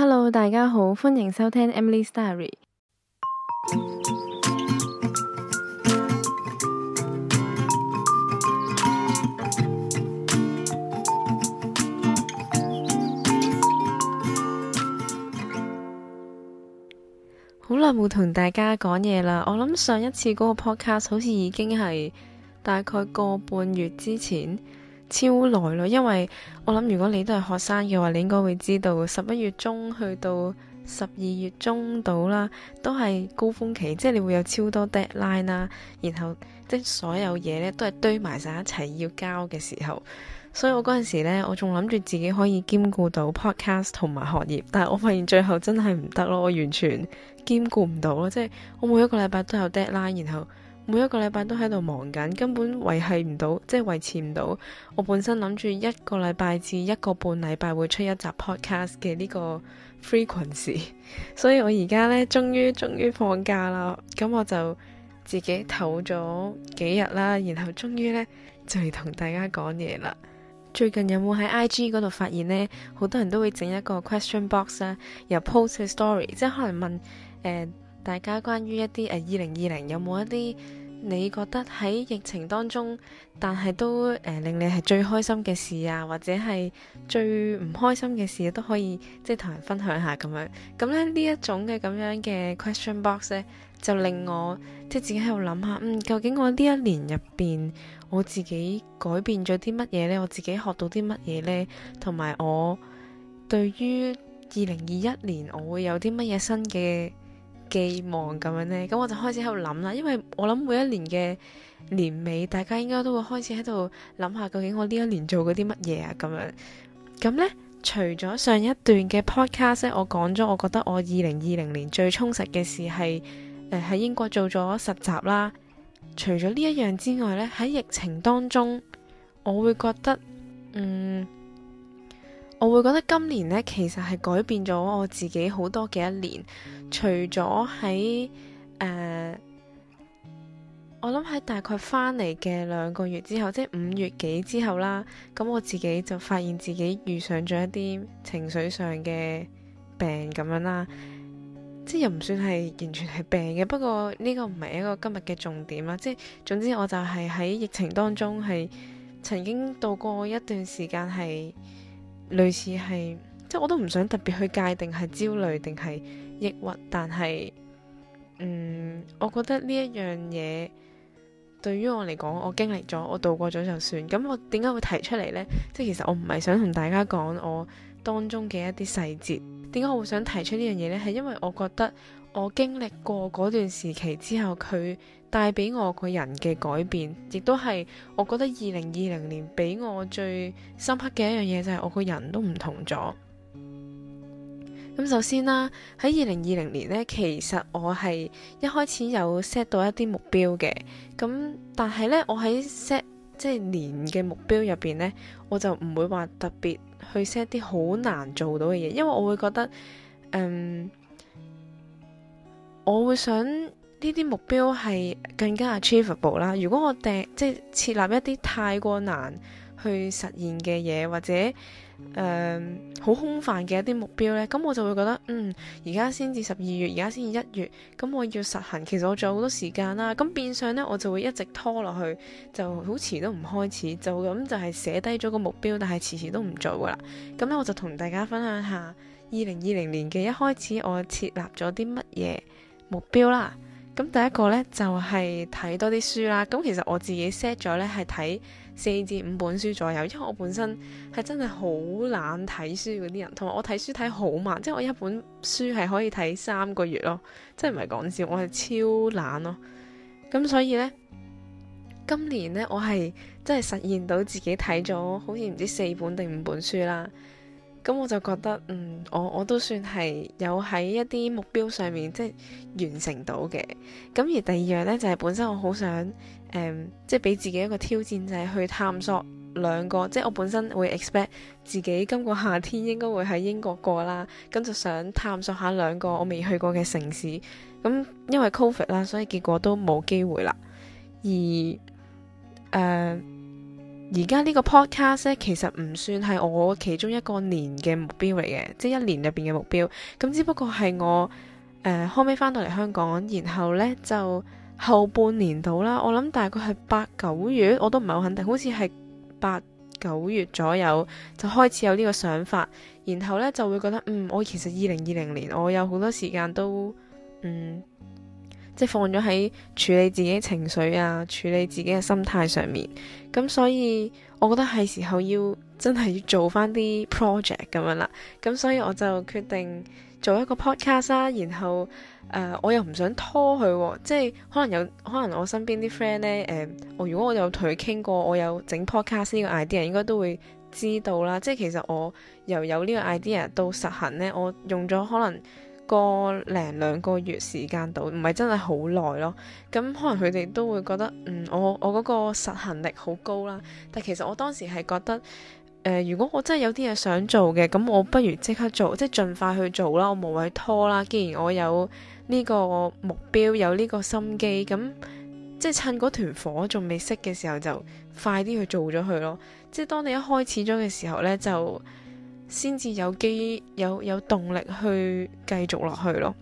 Hello，大家好，歡迎收聽 Emily's Diary。 好耐冇同大家講嘢啦，我諗上一次嗰個 podcast 好似已經係大概個半月之前。超耐咯，因為我諗如果你都係學生嘅話，你應該會知道十一月中去到十二月中到啦，都係高峰期，即係你會有超多 deadline 啦，然後即係所有嘢呢都係堆埋晒一齊要交嘅時候。所以我嗰陣時呢，我仲諗住自己可以兼顧到 podcast 同埋學業，但係我發現最後真係唔得咯，我完全兼顧唔到咯，即係我每一個禮拜都有 deadline，然後。每一個禮拜都喺度忙緊，根本維繫唔到，即係維持唔到。我本身諗住一個禮拜至一個半禮拜會出一集 podcast 嘅呢個 frequency， 所以我而家呢終於終於放假啦。咁我就自己唞咗幾日啦，然後終於呢就嚟同大家講嘢啦。最近有冇喺 IG 嗰度發現呢？好多人都會整一個 question box 啦，又 post 個 story，即係可能問誒。呃大家關於一啲誒二零二零有冇一啲你覺得喺疫情當中，但係都誒、呃、令你係最開心嘅事啊，或者係最唔開心嘅事啊，都可以即係同人分享下咁樣。咁咧呢一種嘅咁樣嘅 question box 咧，就令我即係、就是、自己喺度諗下，嗯，究竟我呢一年入邊我自己改變咗啲乜嘢呢？我自己學到啲乜嘢呢？同埋我對於二零二一年我會有啲乜嘢新嘅寄望咁樣呢，咁我就開始喺度諗啦。因為我諗每一年嘅年尾，大家應該都會開始喺度諗下，究竟我呢一年做過啲乜嘢啊？咁樣咁咧，除咗上一段嘅 podcast，我講咗，我覺得我二零二零年最充實嘅事係，誒喺英國做咗實習啦。除咗呢一樣之外呢，喺疫情當中，我會覺得嗯。我會覺得今年呢，其實係改變咗我自己好多嘅一年。除咗喺誒，我諗喺大概翻嚟嘅兩個月之後，即係五月幾之後啦。咁我自己就發現自己遇上咗一啲情緒上嘅病咁樣啦。即係又唔算係完全係病嘅，不過呢個唔係一個今日嘅重點啦。即係總之，我就係喺疫情當中係曾經度過一段時間係。類似係，即係我都唔想特別去界定係焦慮定係抑鬱，但係，嗯，我覺得呢一樣嘢對於我嚟講，我經歷咗，我度過咗就算。咁我點解會提出嚟呢？即係其實我唔係想同大家講我當中嘅一啲細節。點解我會想提出呢樣嘢呢？係因為我覺得我經歷過嗰段時期之後，佢，帶俾我個人嘅改變，亦都係我覺得二零二零年俾我最深刻嘅一樣嘢，就係、是、我個人都唔同咗。咁首先啦，喺二零二零年呢，其實我係一開始有 set 到一啲目標嘅。咁但係呢，我喺 set 即係年嘅目標入邊呢，我就唔會話特別去 set 啲好難做到嘅嘢，因為我會覺得，嗯，我會想。呢啲目標係更加 achievable 啦。如果我定即係設立一啲太過難去實現嘅嘢，或者誒好空泛嘅一啲目標呢，咁我就會覺得嗯，而家先至十二月，而家先至一月，咁我要實行，其實我仲有好多時間啦。咁變相呢，我就會一直拖落去，就好遲都唔開始，就咁就係寫低咗個目標，但係遲遲都唔做噶啦。咁咧，我就同大家分享下二零二零年嘅一開始，我設立咗啲乜嘢目標啦。咁第一個呢就係、是、睇多啲書啦。咁其實我自己 set 咗呢係睇四至五本書左右，因為我本身係真係好懶睇書嗰啲人，同埋我睇書睇好慢，即係我一本書係可以睇三個月咯，即係唔係講笑，我係超懶咯。咁所以呢，今年呢我係真係實現到自己睇咗好似唔知四本定五本書啦。咁我就覺得，嗯，我我都算係有喺一啲目標上面即係、就是、完成到嘅。咁而第二樣呢，就係、是、本身我好想，誒、嗯，即係俾自己一個挑戰，就係、是、去探索兩個，即、就、係、是、我本身會 expect 自己今個夏天應該會喺英國過啦。咁就想探索下兩個我未去過嘅城市。咁因為 COVID 啦，所以結果都冇機會啦。而誒。嗯而家呢個 podcast 咧，其實唔算係我其中一個年嘅目標嚟嘅，即係一年入邊嘅目標。咁只不過係我誒後尾翻到嚟香港，然後呢就後半年到啦。我諗大概係八九月，我都唔係好肯定，好似係八九月左右就開始有呢個想法。然後呢，就會覺得嗯，我其實二零二零年我有好多時間都嗯。即係放咗喺處理自己情緒啊，處理自己嘅心態上面。咁所以，我覺得係時候要真係要做返啲 project 咁樣啦。咁所以我就決定做一個 podcast 啦、啊。然後，誒、呃、我又唔想拖佢、啊，即係可能有可能我身邊啲 friend 呢，誒、呃，我如果我有同佢傾過，我有整 podcast 呢個 idea，應該都會知道啦。即係其實我由有呢個 idea 到實行呢，我用咗可能。個零兩個月時間度，唔係真係好耐咯。咁可能佢哋都會覺得，嗯，我我嗰個實行力好高啦。但其實我當時係覺得，誒、呃，如果我真係有啲嘢想做嘅，咁我不如即刻做，即係盡快去做啦。我無謂拖啦。既然我有呢個目標，有呢個心機，咁即係趁嗰團火仲未熄嘅時候，就快啲去做咗佢咯。即係當你一開始咗嘅時候呢，就。先至有機有有動力去繼續落去咯，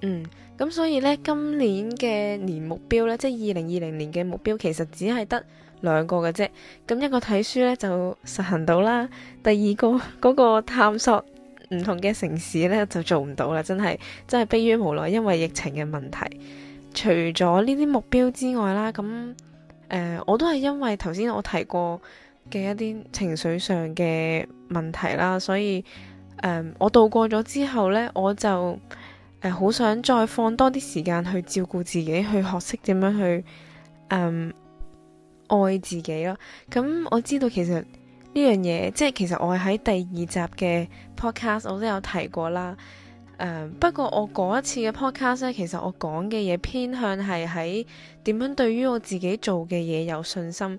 嗯，咁所以呢，今年嘅年目標呢，即係二零二零年嘅目標，其實只係得兩個嘅啫。咁一個睇書呢，就實行到啦，第二個嗰、嗰個探索唔同嘅城市呢，就做唔到啦，真係真係迫於無奈，因為疫情嘅問題。除咗呢啲目標之外啦，咁誒、呃、我都係因為頭先我提過嘅一啲情緒上嘅問題啦，所以誒、嗯，我度過咗之後呢，我就誒好、嗯、想再放多啲時間去照顧自己，去學識點樣去誒、嗯、愛自己咯。咁、嗯、我知道其實呢樣嘢，即係其實我喺第二集嘅 podcast 我都有提過啦。嗯、不過我嗰一次嘅 podcast 呢，其實我講嘅嘢偏向係喺點樣對於我自己做嘅嘢有信心。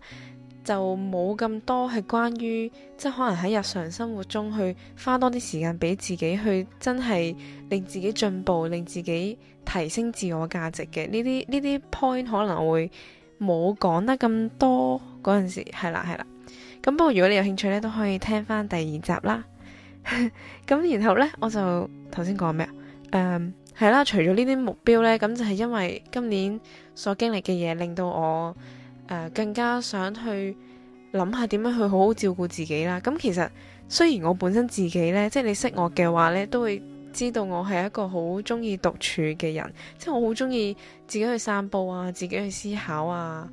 就冇咁多係關於，即係可能喺日常生活中去花多啲時間俾自己去，真係令自己進步，令自己提升自我價值嘅呢啲呢啲 point 可能會冇講得咁多嗰陣時，係啦，係啦。咁不過如果你有興趣咧，都可以聽翻第二集啦。咁 然後呢，我就頭先講咩啊？誒係啦，除咗呢啲目標呢，咁就係因為今年所經歷嘅嘢令到我。誒、呃、更加想去諗下點樣去好好照顧自己啦。咁、嗯、其實雖然我本身自己呢，即係你識我嘅話呢，都會知道我係一個好鍾意獨處嘅人，即係我好鍾意自己去散步啊，自己去思考啊，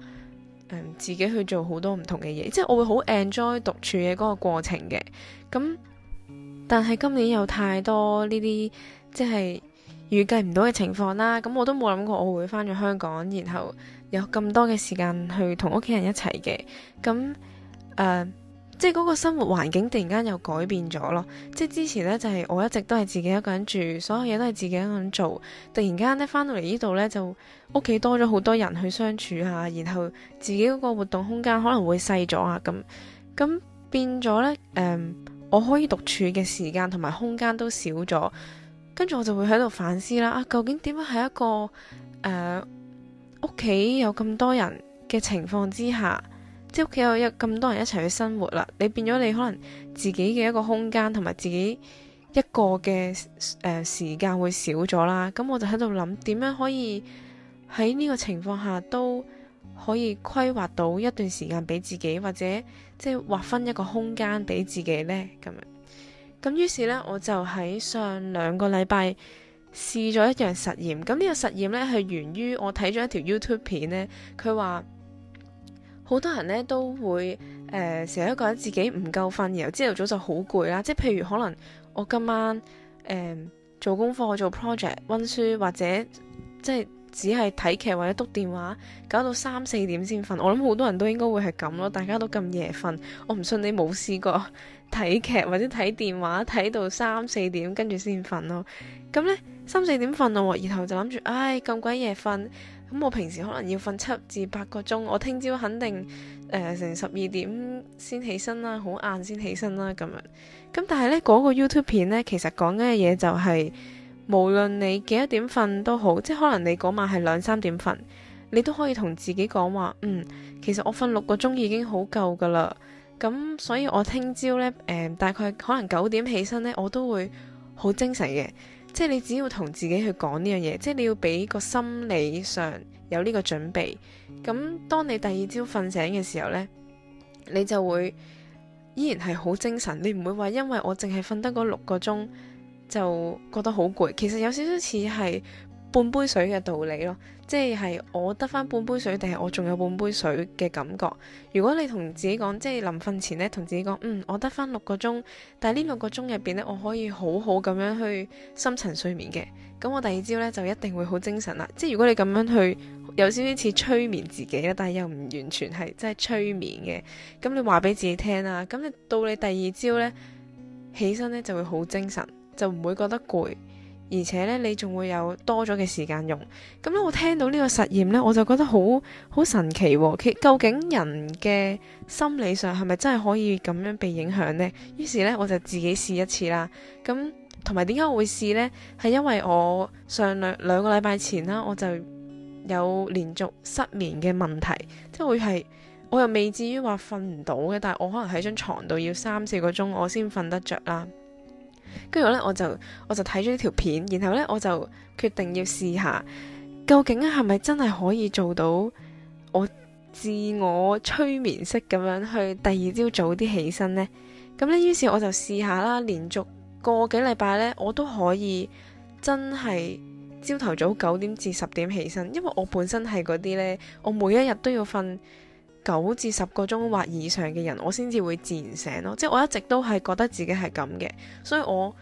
嗯、自己去做好多唔同嘅嘢，即係我會好 enjoy 獨處嘅嗰個過程嘅。咁、嗯、但係今年有太多呢啲即係預計唔到嘅情況啦，咁、嗯、我都冇諗過我會返咗香港，然後，有咁多嘅時間去同屋企人一齊嘅，咁誒、呃，即係嗰個生活環境突然間又改變咗咯。即係之前呢，就係、是、我一直都係自己一個人住，所有嘢都係自己一個人做。突然間呢，翻到嚟呢度呢，就屋企多咗好多人去相處下，然後自己嗰個活動空間可能會細咗啊。咁咁變咗呢，誒、呃，我可以獨處嘅時間同埋空間都少咗，跟住我就會喺度反思啦。啊，究竟點樣係一個誒，呃屋企有咁多人嘅情況之下，即係屋企有有咁多人一齊去生活啦，你變咗你可能自己嘅一個空間同埋自己一個嘅誒時間會少咗啦。咁我就喺度諗，點樣可以喺呢個情況下都可以規劃到一段時間俾自己，或者即係劃分一個空間俾自己呢？咁樣。咁於是呢，我就喺上兩個禮拜，試咗一樣實驗，咁、這、呢個實驗呢，係源於我睇咗一條 YouTube 片呢，佢話好多人呢，都會誒成日都覺得自己唔夠瞓，然後朝頭早就好攰啦。即係譬如可能我今晚、呃、做功課、做 project、溫書，或者即係只係睇劇或者督電話，搞到三四點先瞓。我諗好多人都應該會係咁咯，大家都咁夜瞓。我唔信你冇試過睇劇或者睇電話睇到三四點跟住先瞓咯。咁呢。三四點瞓咯，然後就諗住，唉咁鬼夜瞓咁。我平時可能要瞓七至八個鐘，我聽朝肯定誒、呃、成十二點先起身啦，好晏先起身啦咁樣。咁但係呢嗰、那個 YouTube 片呢，其實講嘅嘢就係、是、無論你幾多點瞓都好，即係可能你嗰晚係兩三點瞓，你都可以同自己講話，嗯，其實我瞓六個鐘已經好夠噶啦。咁所以我聽朝呢，誒、呃、大概可能九點起身呢，我都會好精神嘅。即係你只要同自己去講呢樣嘢，即係你要俾個心理上有呢個準備，咁當你第二朝瞓醒嘅時候呢，你就會依然係好精神，你唔會話因為我淨係瞓得嗰六個鐘就覺得好攰，其實有少少似係。半杯水嘅道理咯，即係我得翻半杯水，定係我仲有半杯水嘅感覺。如果你同自己講，即係臨瞓前呢，同自己講，嗯，我得翻六個鐘，但係呢六個鐘入邊呢，我可以好好咁樣去深層睡眠嘅。咁我第二朝呢，就一定會好精神啦。即係如果你咁樣去有少少似催眠自己啦，但係又唔完全係真係催眠嘅。咁你話俾自己聽啦，咁你到你第二朝呢，起身呢就會好精神，就唔會覺得攰。而且咧，你仲會有多咗嘅時間用。咁咧，我聽到呢個實驗呢，我就覺得好好神奇喎、啊。究竟人嘅心理上係咪真係可以咁樣被影響呢？於是呢，我就自己試一次啦。咁同埋點解我會試呢？係因為我上兩兩個禮拜前啦，我就有連續失眠嘅問題，即係會係我又未至於話瞓唔到嘅，但係我可能喺張床度要三四個鐘我先瞓得着啦。跟住咧，我就我就睇咗呢條片，然後咧，我就決定要試下究竟係咪真係可以做到我自我催眠式咁樣去第二朝早啲起身呢？咁咧，於是我就試下啦，連續個幾禮拜咧，我都可以真係朝頭早九點至十點起身，因為我本身係嗰啲咧，我每一日都要瞓九至十個鐘或以上嘅人，我先至會自然醒咯。即係我一直都係覺得自己係咁嘅，所以我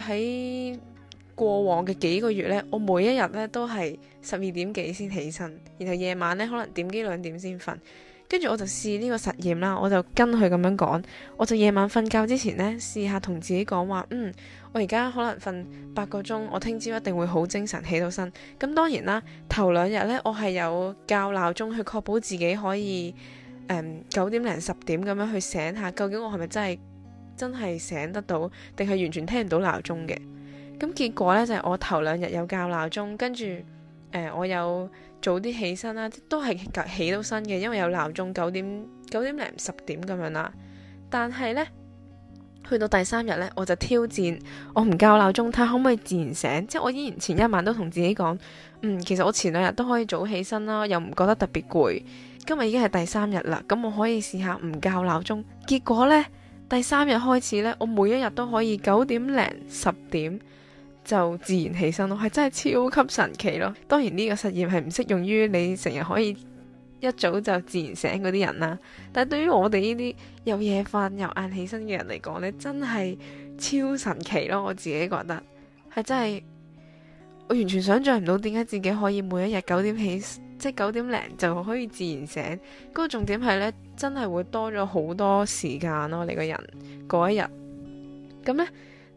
喺過往嘅幾個月呢，我每一日呢都係十二點幾先起身，然後夜晚呢可能點幾兩點先瞓，跟住我就試呢個實驗啦，我就跟佢咁樣講，我就夜晚瞓覺之前呢，試下同自己講話，嗯。我而家可能瞓八個鐘，我聽朝一定會好精神起到身。咁當然啦，頭兩日呢，我係有教鬧鐘去確保自己可以誒九點零十點咁樣去醒下，究竟我係咪真係真係醒得到，定係完全聽唔到鬧鐘嘅？咁結果呢，就係我頭兩日有教鬧鐘，跟住誒我有早啲起身啦，都係起到身嘅，因為有鬧鐘九點九點零十點咁樣啦。但係呢。去到第三日呢，我就挑戰我唔教鬧鐘，睇可唔可以自然醒。即係我依然前一晚都同自己講，嗯，其實我前兩日都可以早起身啦，又唔覺得特別攰。今日已經係第三日啦，咁我可以試下唔教鬧鐘。結果呢，第三日開始呢，我每一日都可以九點零、十點就自然起身咯，係真係超級神奇咯。當然呢個實驗係唔適用於你成日可以。一早就自然醒嗰啲人啦，但係對於我哋呢啲又夜瞓又晏起身嘅人嚟講呢，真係超神奇咯！我自己覺得係真係，我完全想象唔到點解自己可以每一日九點起，即係九點零就可以自然醒。嗰個重點係呢，真係會多咗好多時間咯，我哋個人嗰一日。咁呢，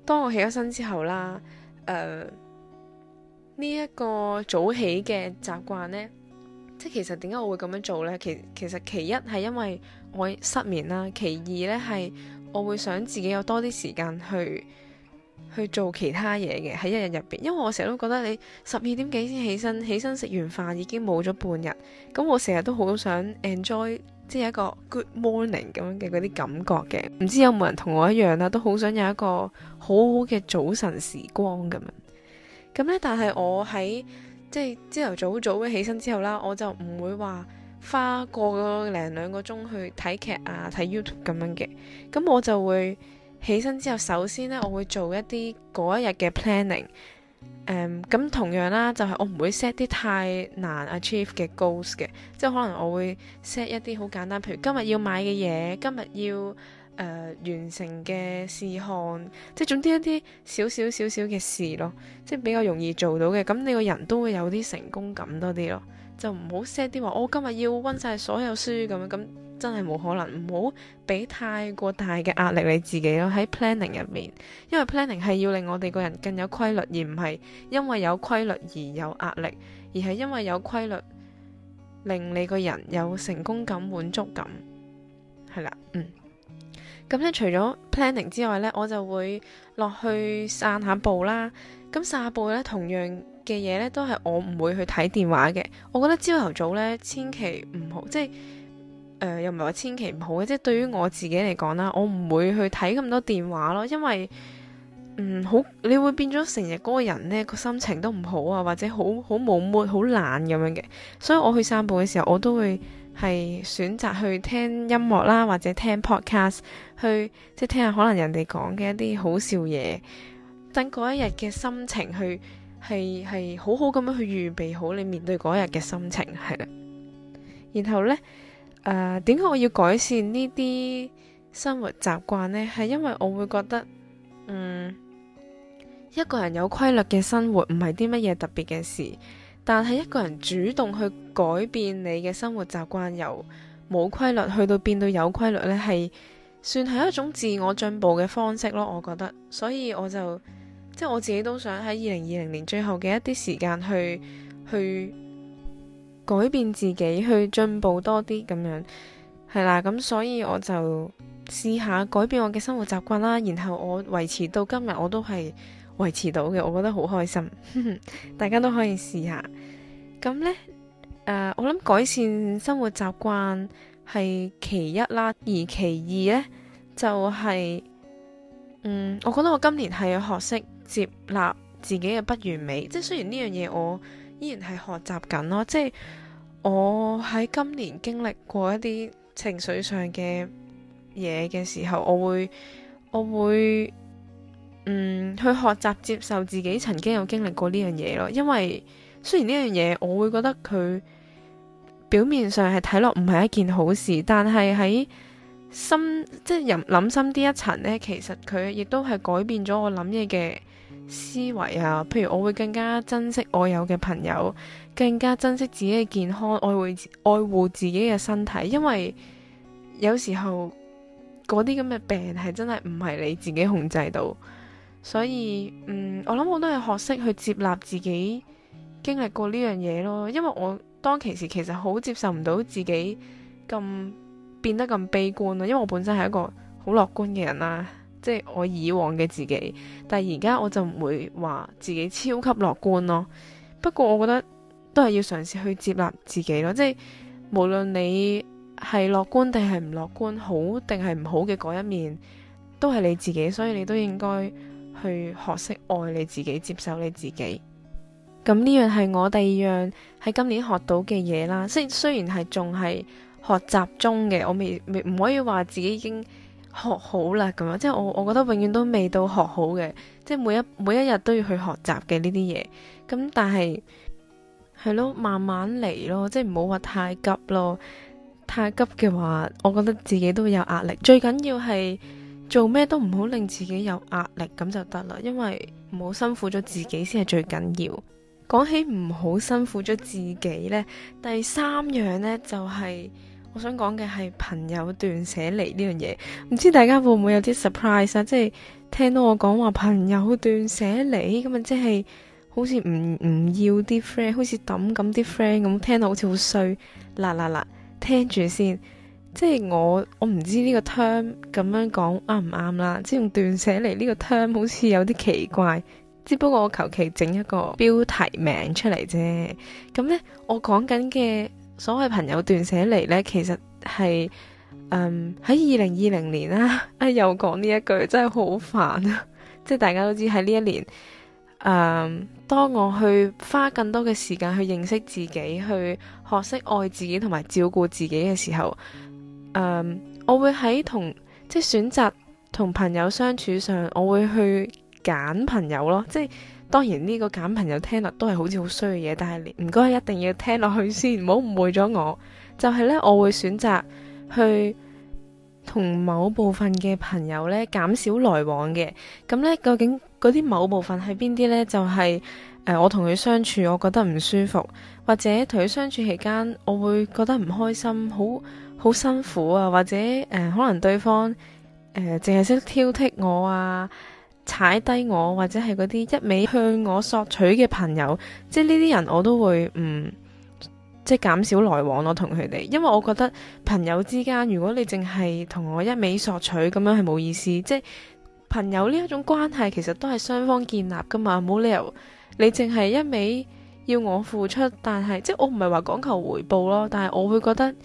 當我起咗身之後啦，誒、呃，呢、這、一個早起嘅習慣呢。即係其實點解我會咁樣做呢？其其實其一係因為我失眠啦，其二呢係我會想自己有多啲時間去去做其他嘢嘅喺一日入邊。因為我成日都覺得你十二點幾先起身，起身食完飯已經冇咗半日。咁我成日都好想 enjoy 即係一個 good morning 咁樣嘅嗰啲感覺嘅。唔知有冇人同我一樣啦，都好想有一個好好嘅早晨時光咁樣。咁咧，但係我喺。即係朝頭早早起身之後啦，我就唔會話花個零兩個鐘去睇劇啊、睇 YouTube 咁樣嘅。咁我就會起身之後，首先呢，我會做一啲嗰一日嘅 planning。誒、嗯，咁同樣啦，就係我唔會 set 啲太難 achieve 嘅 goals 嘅。即係可能我會 set 一啲好簡單，譬如今日要買嘅嘢，今日要。誒、呃、完成嘅事項，即係總之一啲少少少少嘅事咯，即係比較容易做到嘅。咁你個人都會有啲成功感多啲咯，就唔好 set 啲話我今日要溫晒所有書咁樣咁，真係冇可能。唔好俾太過大嘅壓力你自己咯。喺 planning 入面，因為 planning 係要令我哋個人更有規律，而唔係因為有規律而有壓力，而係因為有規律令你個人有成功感、滿足感係啦。嗯。咁咧、嗯，除咗 planning 之外咧，我就會落去散下步啦。咁散下步咧，同樣嘅嘢咧，都係我唔會去睇電話嘅。我覺得朝頭早咧，千祈唔好，即係誒、呃，又唔係話千祈唔好嘅，即係對於我自己嚟講啦，我唔會去睇咁多電話咯，因為嗯，好你會變咗成日嗰個人咧，個心情都唔好啊，或者好好冇末、好懶咁樣嘅。所以我去散步嘅時候，我都會，係選擇去聽音樂啦，或者聽 podcast，去即係、就是、聽下可能人哋講嘅一啲好笑嘢，等嗰一日嘅心情去係係好好咁樣去預備好你面對嗰日嘅心情係啦。然後呢，誒、呃，點解我要改善呢啲生活習慣呢？係因為我會覺得，嗯，一個人有規律嘅生活唔係啲乜嘢特別嘅事。但係一個人主動去改變你嘅生活習慣，由冇規律去到變到有規律呢，係算係一種自我進步嘅方式咯。我覺得，所以我就即係我自己都想喺二零二零年最後嘅一啲時間去去，去改變自己，去進步多啲咁樣，係啦。咁所以我就試下改變我嘅生活習慣啦，然後我維持到今日我都係。維持到嘅，我覺得好開心， 大家都可以試下。咁呢，uh, 我諗改善生活習慣係其一啦，而其二呢，就係，嗯，我覺得我今年係學識接納自己嘅不完美，即係雖然呢樣嘢我依然係學習緊咯，即係我喺今年經歷過一啲情緒上嘅嘢嘅時候，我會，我會。嗯，去學習接受自己曾經有經歷過呢樣嘢咯。因為雖然呢樣嘢，我會覺得佢表面上係睇落唔係一件好事，但係喺心即係諗深啲一,一層呢，其實佢亦都係改變咗我諗嘢嘅思維啊。譬如我會更加珍惜我有嘅朋友，更加珍惜自己嘅健康，愛護愛護自己嘅身體。因為有時候嗰啲咁嘅病係真係唔係你自己控制到。所以，嗯，我諗我都係學識去接納自己經歷過呢樣嘢咯。因為我當其時其實好接受唔到自己咁變得咁悲觀咯。因為我本身係一個好樂觀嘅人啦，即係我以往嘅自己。但係而家我就唔會話自己超級樂觀咯。不過我覺得都係要嘗試去接納自己咯。即係無論你係樂觀定係唔樂觀，好定係唔好嘅嗰一面，都係你自己，所以你都應該。去學識愛你自己，接受你自己。咁呢樣係我第二樣喺今年學到嘅嘢啦。即雖然係仲係學習中嘅，我未未唔可以話自己已經學好啦咁樣。即我我覺得永遠都未到學好嘅，即每一每一日都要去學習嘅呢啲嘢。咁但係係咯，慢慢嚟咯，即唔好話太急咯。太急嘅話，我覺得自己都會有壓力。最緊要係。做咩都唔好令自己有壓力咁就得啦，因為唔好辛苦咗自己先係最緊要。講起唔好辛苦咗自己呢，第三樣呢就係、是、我想講嘅係朋友斷捨離呢樣嘢。唔知大家會唔會有啲 surprise 啊？即係聽到我講話朋友斷捨離咁啊，即係好似唔唔要啲 friend，好似抌咁啲 friend 咁，聽到好似好衰。嗱嗱嗱，聽住先。即係我，我唔知呢個 term 咁樣講啱唔啱啦。即係用斷捨離呢個 term，好似有啲奇怪。只不過我求其整一個標題名出嚟啫。咁呢，我講緊嘅所謂朋友斷捨離呢，其實係嗯，喺二零二零年啦。啊，哎、又講呢一句真係好煩啊！ 即係大家都知喺呢一年，嗯，當我去花更多嘅時間去認識自己，去學識愛自己同埋照顧自己嘅時候。誒，um, 我會喺同即係選擇同朋友相處上，我會去揀朋友咯。即係當然呢個揀朋友聽落都係好似好衰嘅嘢，但係你唔該一定要聽落去先，唔好誤會咗我。就係、是、呢，我會選擇去同某部分嘅朋友呢減少來往嘅。咁呢，究竟嗰啲某部分係邊啲呢？就係、是、誒、呃，我同佢相處，我覺得唔舒服，或者同佢相處期間，我會覺得唔開心，好。好辛苦啊，或者誒、呃，可能對方誒，淨係識挑剔我啊，踩低我，或者係嗰啲一味向我索取嘅朋友，即係呢啲人我都會唔即係減少來往咯、啊，同佢哋，因為我覺得朋友之間，如果你淨係同我一味索取，咁樣係冇意思。即係朋友呢一種關係，其實都係雙方建立㗎嘛，冇理由你淨係一味要我付出，但係即係我唔係話講求回報咯，但係我會覺得。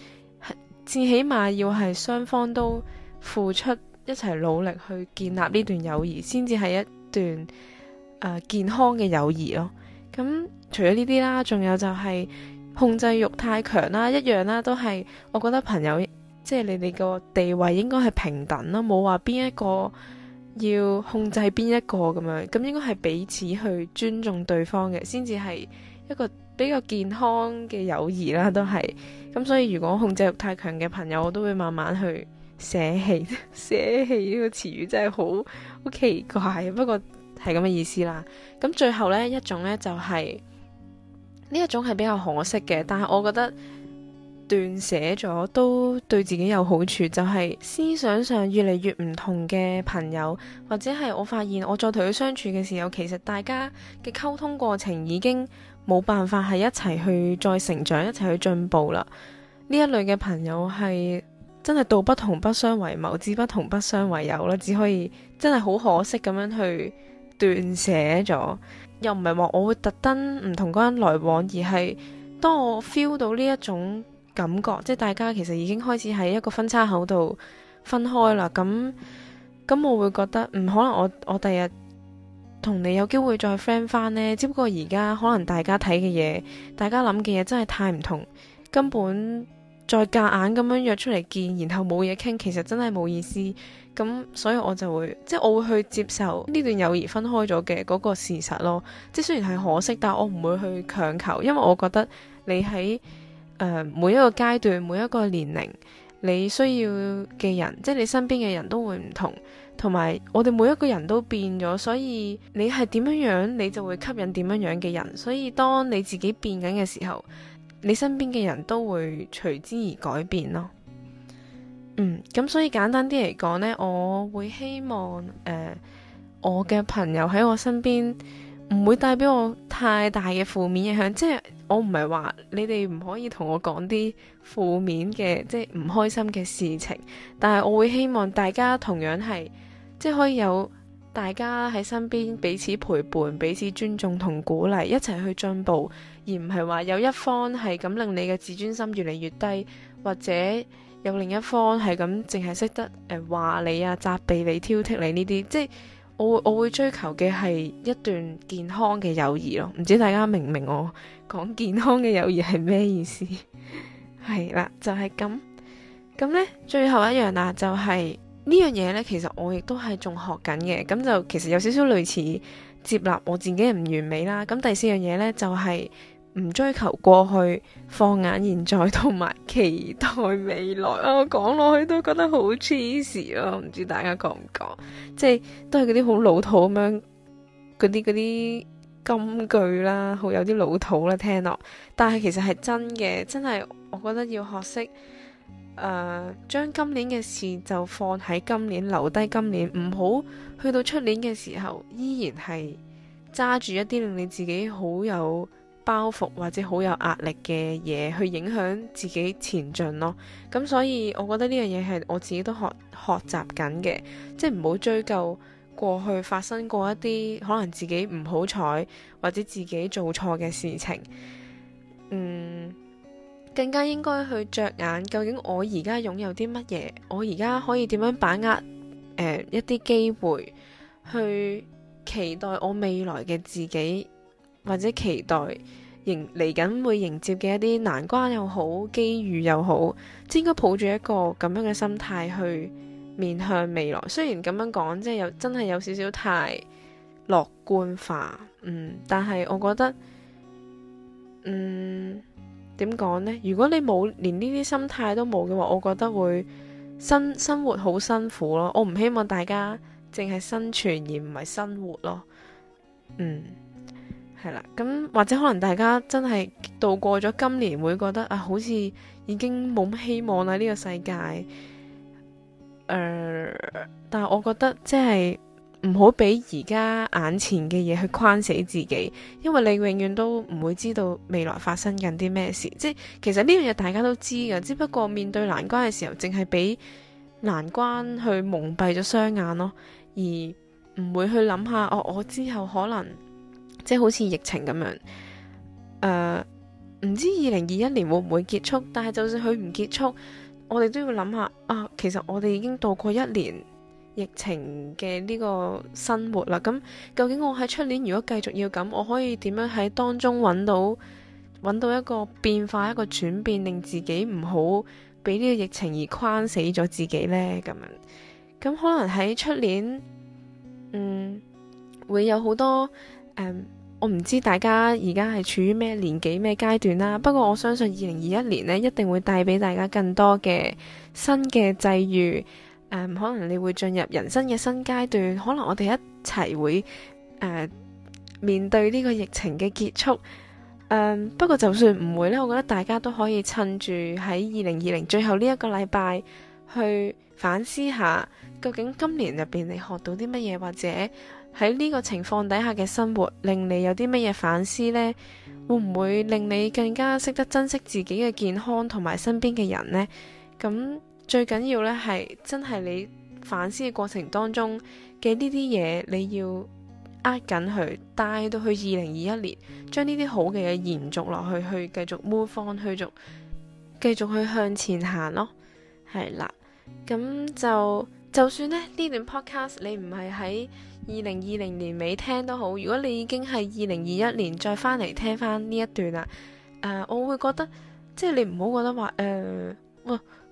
最起碼要係雙方都付出一齊努力去建立呢段友誼，先至係一段、呃、健康嘅友誼咯。咁除咗呢啲啦，仲有就係控制欲太強啦，一樣啦，都係我覺得朋友即係、就是、你哋個地位應該係平等咯，冇話邊一個要控制邊一個咁樣，咁應該係彼此去尊重對方嘅，先至係一個。比較健康嘅友誼啦，都係咁。所以如果控制欲太強嘅朋友，我都會慢慢去捨棄。 捨棄呢個詞語真係好好奇怪，不過係咁嘅意思啦。咁最後呢一種呢、就係，就係呢一種係比較可惜嘅，但係我覺得斷捨咗都對自己有好處，就係、係、思想上越嚟越唔同嘅朋友，或者係我發現我再同佢相處嘅時候，其實大家嘅溝通過程已經。冇辦法係一齊去再成長，一齊去進步啦。呢一類嘅朋友係真係道不同不相為謀，志不同不相為友啦。只可以真係好可惜咁樣去斷捨咗。又唔係話我會特登唔同嗰人來往，而係當我 feel 到呢一種感覺，即係大家其實已經開始喺一個分叉口度分開啦。咁咁我會覺得唔、嗯、可能我，我我第日。同你有機會再 friend 翻呢？只不過而家可能大家睇嘅嘢，大家諗嘅嘢真係太唔同，根本再夾硬咁樣約出嚟見，然後冇嘢傾，其實真係冇意思。咁所以我就會即係我會去接受呢段友誼分開咗嘅嗰個事實咯。即係雖然係可惜，但我唔會去強求，因為我覺得你喺誒、呃、每一個階段、每一個年齡，你需要嘅人，即係你身邊嘅人都會唔同。同埋，我哋每一個人都變咗，所以你係點樣樣，你就會吸引點樣樣嘅人。所以當你自己變緊嘅時候，你身邊嘅人都會隨之而改變咯。嗯，咁所以簡單啲嚟講呢，我會希望誒，我嘅朋友喺我身邊唔會帶俾我太大嘅負面影響。即係我唔係話你哋唔可以同我講啲負面嘅，即係唔開心嘅事情，但係我會希望大家同樣係。即係可以有大家喺身邊彼此陪伴，彼此尊重同鼓勵，一齊去進步，而唔係話有一方係咁令你嘅自尊心越嚟越低，或者有另一方係咁淨係識得誒話、呃、你啊、責備你、挑剔你呢啲。即係我我會追求嘅係一段健康嘅友誼咯。唔知大家明唔明我講健康嘅友誼係咩意思？係 啦，就係、是、咁。咁呢，最後一樣啦，就係、是。呢樣嘢呢，其實我亦都係仲學緊嘅，咁就其實有少少類似接納我自己唔完美啦。咁第四樣嘢呢，就係唔追求過去，放眼現在同埋期待未來啊。我講落去都覺得好 cheese 咯，唔知大家講唔講？即係都係嗰啲好老土咁樣，嗰啲嗰啲金句啦，好有啲老土啦，聽落。但係其實係真嘅，真係我覺得要學識。誒，將、uh, 今年嘅事就放喺今年，留低今年，唔好去到出年嘅時候，依然係揸住一啲令你自己好有包袱或者好有壓力嘅嘢去影響自己前進咯。咁所以，我覺得呢樣嘢係我自己都學學習緊嘅，即係唔好追究過去發生過一啲可能自己唔好彩或者自己做錯嘅事情。更加應該去着眼，究竟我而家擁有啲乜嘢？我而家可以點樣把握，呃，一啲機會？去期待我未來嘅自己，或者期待迎嚟緊會迎接嘅一啲難關又好，機遇又好，即係應該抱住一個咁樣嘅心態去面向未來。雖然咁樣講，即係有真係有少少太樂觀化，嗯，但係我覺得，嗯。點講呢？如果你冇連呢啲心態都冇嘅話，我覺得會生生活好辛苦咯。我唔希望大家淨係生存而唔係生活咯。嗯，係啦。咁或者可能大家真係度過咗今年，會覺得啊，好似已經冇乜希望啦。呢個世界，誒，但係我覺得即係。唔好俾而家眼前嘅嘢去框死自己，因為你永遠都唔會知道未來發生緊啲咩事。即係其實呢樣嘢大家都知㗎，只不過面對難關嘅時候，淨係俾難關去蒙蔽咗雙眼咯，而唔會去諗下哦，我之後可能即係好似疫情咁樣，誒、呃、唔知二零二一年會唔會結束？但係就算佢唔結束，我哋都要諗下啊，其實我哋已經度過一年。疫情嘅呢個生活啦，咁究竟我喺出年如果繼續要咁，我可以點樣喺當中揾到揾到一個變化、一個轉變，令自己唔好俾呢個疫情而框死咗自己呢？咁樣咁可能喺出年，嗯，會有好多誒、嗯，我唔知大家而家係處於咩年紀、咩階段啦。不過我相信二零二一年呢，一定會帶俾大家更多嘅新嘅際遇。可能你會進入人生嘅新階段，可能我哋一齊會、呃、面對呢個疫情嘅結束、呃。不過就算唔會咧，我覺得大家都可以趁住喺二零二零最後呢一個禮拜去反思下，究竟今年入邊你學到啲乜嘢，或者喺呢個情況底下嘅生活令你有啲乜嘢反思呢？會唔會令你更加識得珍惜自己嘅健康同埋身邊嘅人呢？咁。最緊要呢係真係你反思嘅過程當中嘅呢啲嘢，你要握緊佢帶到去二零二一年，將呢啲好嘅嘢延續落去，去繼續 move on，繼續繼續去向前行咯。係啦，咁就就算咧呢段 podcast 你唔係喺二零二零年尾聽都好，如果你已經係二零二一年再翻嚟聽翻呢一段啊、呃，我會覺得即係、就是、你唔好覺得話誒，呃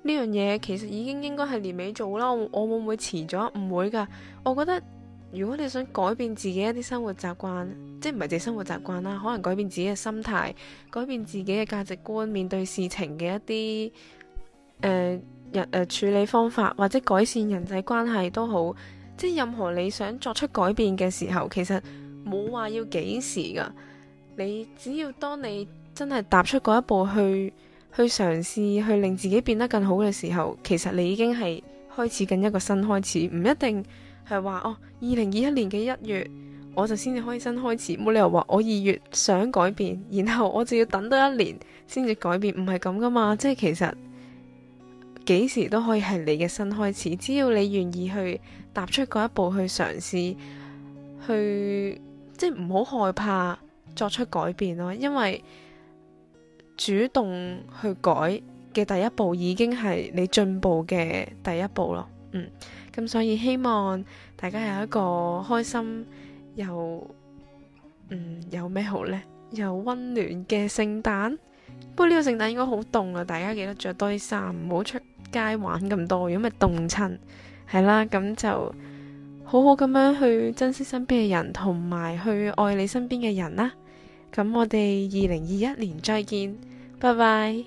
呢樣嘢其實已經應該係年尾做啦，我我會唔會遲咗？唔會噶，我覺得如果你想改變自己一啲生活習慣，即係唔係淨係生活習慣啦，可能改變自己嘅心態，改變自己嘅價值觀，面對事情嘅一啲誒、呃、人、呃、處理方法，或者改善人際關係都好，即係任何你想作出改變嘅時候，其實冇話要幾時噶，你只要當你真係踏出嗰一步去，去嘗試去令自己變得更好嘅時候，其實你已經係開始緊一個新開始，唔一定係話哦，二零二一年嘅一月我就先至開始新開始，冇理由話我二月想改變，然後我就要等多一年先至改變，唔係咁噶嘛，即係其實幾時都可以係你嘅新開始，只要你願意去踏出嗰一步去嘗試，去即係唔好害怕作出改變咯，因為。主動去改嘅第一步，已經係你進步嘅第一步咯。嗯，咁所以希望大家有一個開心又嗯、有咩好呢？又溫暖嘅聖誕。不過呢個聖誕應該好凍啊，大家記得着多啲衫，唔好出街玩咁多，如果咪凍親係啦。咁就好好咁樣去珍惜身邊嘅人，同埋去愛你身邊嘅人啦。咁我哋二零二一年再見。拜拜。